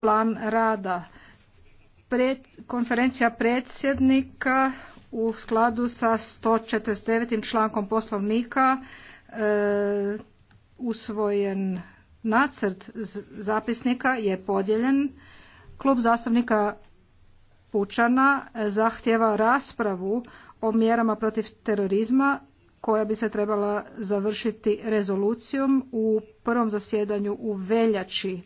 plan rada. Pred, konferencija predsjednika u skladu sa 149. člankom poslovnika e, usvojen nacrt zapisnika je podijeljen. Klub zastupnika Pučana e, zahtjeva raspravu o mjerama protiv terorizma koja bi se trebala završiti rezolucijom u prvom zasjedanju u veljači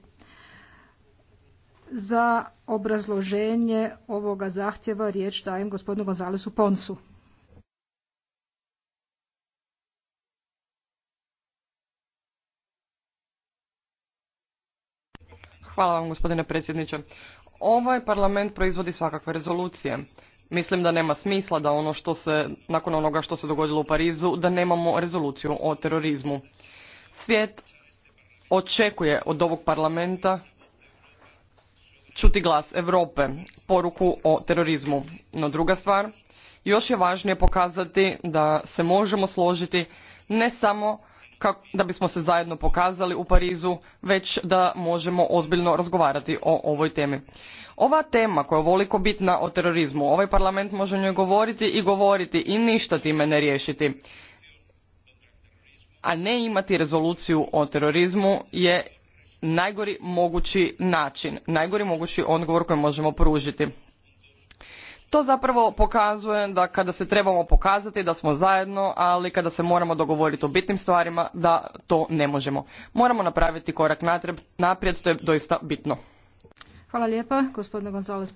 za obrazloženje ovoga zahtjeva riječ dajem gospodinu Gonzalesu Ponsu. Hvala vam gospodine predsjedniče. Ovaj parlament proizvodi svakakve rezolucije. Mislim da nema smisla da ono što se, nakon onoga što se dogodilo u Parizu, da nemamo rezoluciju o terorizmu. Svijet očekuje od ovog parlamenta čuti glas Europe, poruku o terorizmu. No druga stvar, još je važnije pokazati da se možemo složiti ne samo da bismo se zajedno pokazali u Parizu, već da možemo ozbiljno razgovarati o ovoj temi. Ova tema koja je ovoliko bitna o terorizmu, ovaj parlament može o njoj govoriti i govoriti i ništa time ne riješiti. A ne imati rezoluciju o terorizmu je najgori mogući način, najgori mogući odgovor koji možemo pružiti. To zapravo pokazuje da kada se trebamo pokazati da smo zajedno, ali kada se moramo dogovoriti o bitnim stvarima, da to ne možemo. Moramo napraviti korak naprijed, to je doista bitno. Hvala lijepa, gospodine Gonzales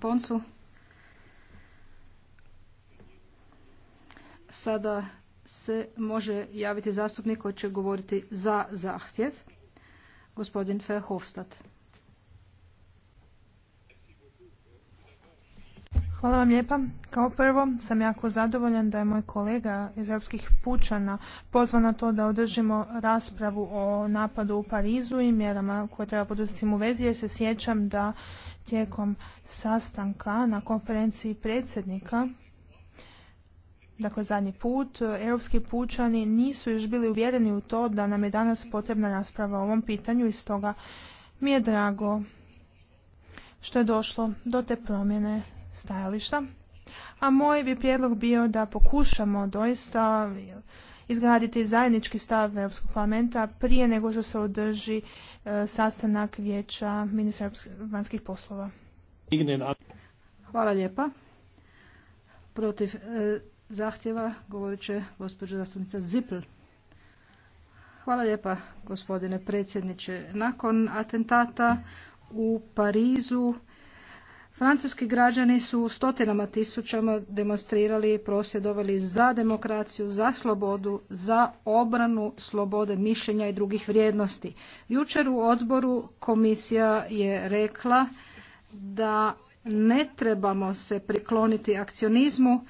Sada se može javiti zastupnik koji će govoriti za zahtjev. Gospodin Hvala vam lijepa. Kao prvo sam jako zadovoljan da je moj kolega iz Europskih pučana pozvan na to da održimo raspravu o napadu u Parizu i mjerama koje treba poduzeti u vezi jer se sjećam da tijekom sastanka na konferenciji predsjednika dakle zadnji put, e, europski pučani nisu još bili uvjereni u to da nam je danas potrebna rasprava o ovom pitanju i stoga mi je drago što je došlo do te promjene stajališta. A moj bi prijedlog bio da pokušamo doista izgraditi zajednički stav Europskog parlamenta prije nego što se održi e, sastanak vijeća ministra vanjskih poslova. Hvala lijepa. Protiv e, zahtjeva govorit će gospođa zastupnica Zipl. Hvala lijepa gospodine predsjedniče. Nakon atentata u Parizu Francuski građani su stotinama tisućama demonstrirali i prosvjedovali za demokraciju, za slobodu, za obranu slobode mišljenja i drugih vrijednosti. Jučer u odboru komisija je rekla da ne trebamo se prikloniti akcionizmu,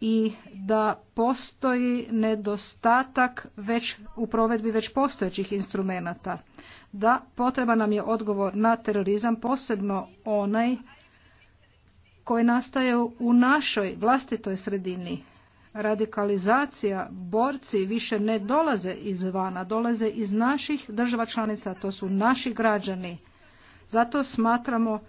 i da postoji nedostatak već u provedbi već postojećih instrumenata. Da potreba nam je odgovor na terorizam, posebno onaj koji nastaje u našoj vlastitoj sredini. Radikalizacija, borci više ne dolaze izvana, dolaze iz naših država članica, to su naši građani. Zato smatramo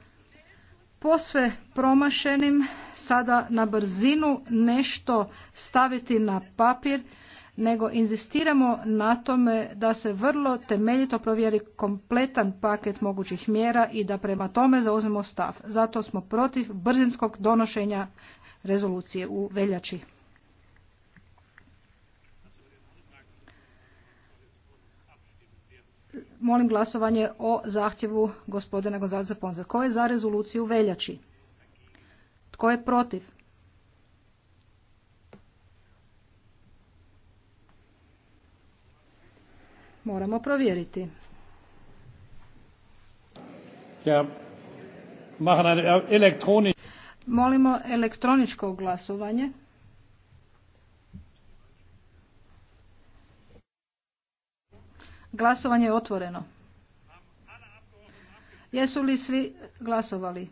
posve promašenim sada na brzinu nešto staviti na papir, nego inzistiramo na tome da se vrlo temeljito provjeri kompletan paket mogućih mjera i da prema tome zauzmemo stav. Zato smo protiv brzinskog donošenja rezolucije u veljači. Molim glasovanje o zahtjevu gospodina Gonzalesa Ponza. Ko je za rezoluciju veljači? Tko je protiv? Moramo provjeriti. Ja, Molimo elektroničko glasovanje. Glasovanje je otvoreno. Jesu li svi glasovali?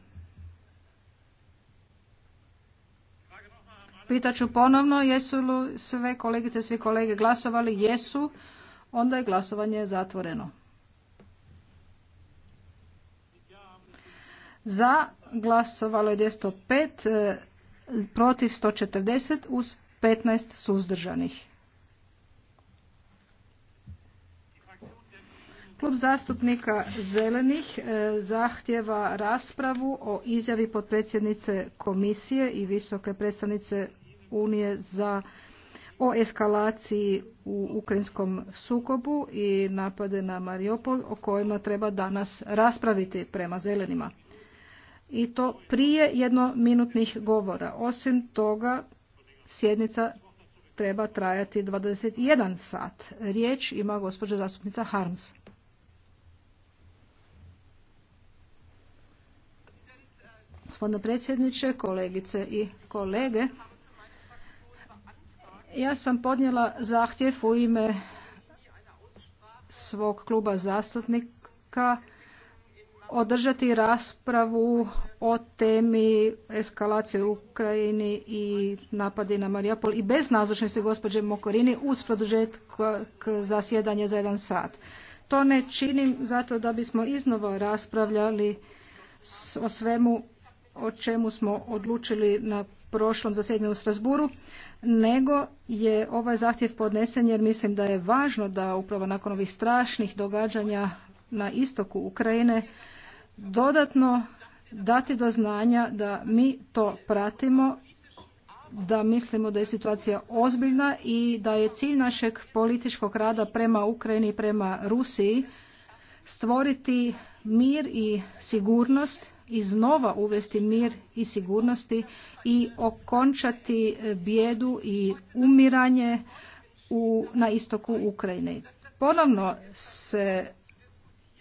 Pitaću ponovno, jesu li sve kolegice, svi kolege glasovali? Jesu. Onda je glasovanje zatvoreno. Za glasovalo je 205, protiv 140 uz 15 suzdržanih. Klub zastupnika Zelenih e, zahtjeva raspravu o izjavi potpredsjednice komisije i visoke predstavnice Unije za o eskalaciji u ukrajinskom sukobu i napade na Mariupol o kojima treba danas raspraviti prema zelenima. I to prije jednominutnih govora. Osim toga, sjednica treba trajati 21 sat. Riječ ima gospođa zastupnica Harms. gospodine predsjedniče, kolegice i kolege. Ja sam podnijela zahtjev u ime svog kluba zastupnika održati raspravu o temi eskalacije u Ukrajini i napadi na Marijapol i bez nazočnosti gospođe Mokorini uz produžetak zasjedanja za jedan sat. To ne činim zato da bismo iznova raspravljali o svemu o čemu smo odlučili na prošlom zasjedanju u nego je ovaj zahtjev podnesen jer mislim da je važno da upravo nakon ovih strašnih događanja na istoku Ukrajine dodatno dati do znanja da mi to pratimo, da mislimo da je situacija ozbiljna i da je cilj našeg političkog rada prema Ukrajini i prema Rusiji stvoriti mir i sigurnost iznova uvesti mir i sigurnosti i okončati e, bijedu i umiranje u, na istoku Ukrajine. Ponovno se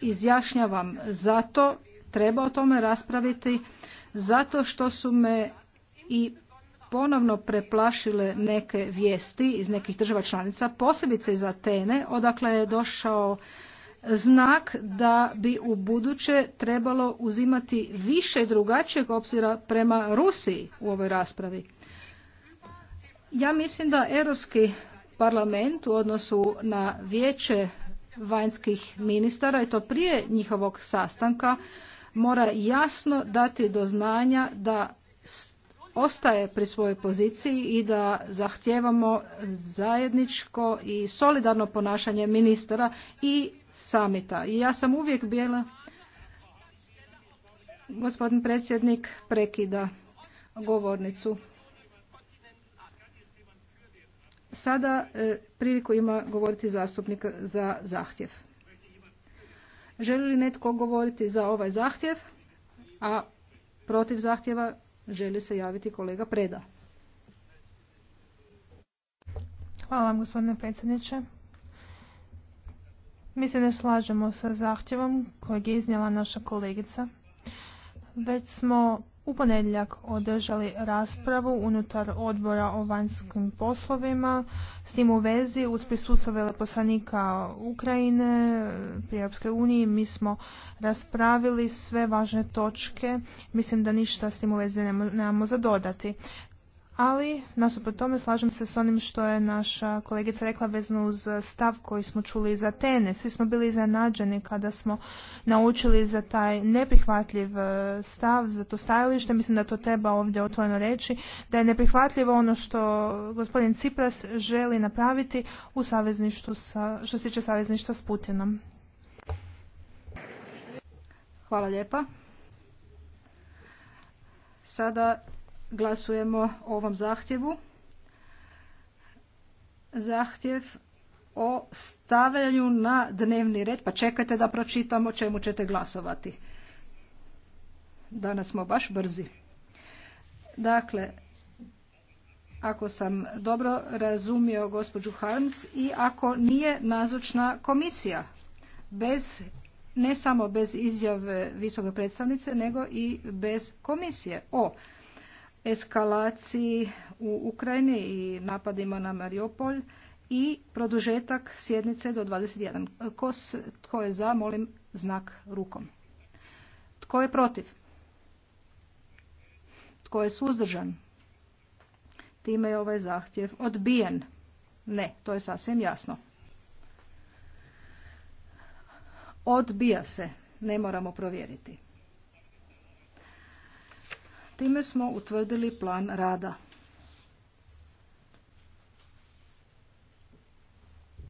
izjašnjavam zato, treba o tome raspraviti, zato što su me i ponovno preplašile neke vijesti iz nekih država članica, posebice iz Atene, odakle je došao znak da bi u buduće trebalo uzimati više drugačijeg obzira prema Rusiji u ovoj raspravi. Ja mislim da Europski parlament u odnosu na vijeće vanjskih ministara i to prije njihovog sastanka mora jasno dati do znanja da ostaje pri svojoj poziciji i da zahtijevamo zajedničko i solidarno ponašanje ministara i samita. I ja sam uvijek bila, gospodin predsjednik prekida govornicu. Sada e, priliku ima govoriti zastupnik za zahtjev. Želi li netko govoriti za ovaj zahtjev? A protiv zahtjeva želi se javiti kolega Preda. Hvala vam gospodine predsjedniče. Mi se ne slažemo sa zahtjevom kojeg je iznijela naša kolegica. Već smo u ponedjeljak održali raspravu unutar odbora o vanjskim poslovima. S tim u vezi uz prisustvo veleposlanika Ukrajine pri Europskoj uniji mi smo raspravili sve važne točke. Mislim da ništa s tim u vezi nemamo za dodati. Ali, nasuprot tome, slažem se s onim što je naša kolegica rekla vezno uz stav koji smo čuli iz Atene. Svi smo bili iznenađeni kada smo naučili za taj neprihvatljiv e, stav, za to stajalište. Mislim da to treba ovdje otvoreno reći, da je neprihvatljivo ono što gospodin Cipras želi napraviti u savezništu sa, što se tiče savezništva s Putinom. Hvala lijepa. Sada Glasujemo o ovom zahtjevu. Zahtjev o stavljanju na dnevni red, pa čekajte da pročitamo čemu ćete glasovati. Danas smo baš brzi. Dakle, ako sam dobro razumio gospođu Harms i ako nije nazočna komisija bez ne samo bez izjave visoke predstavnice nego i bez komisije o eskalaciji u Ukrajini i napadima na Marijopolj i produžetak sjednice do 21. Ko, tko je za, molim znak rukom. Tko je protiv? Tko je suzdržan? Time je ovaj zahtjev odbijen. Ne, to je sasvim jasno. Odbija se, ne moramo provjeriti. Time smo utvrdili plan rada.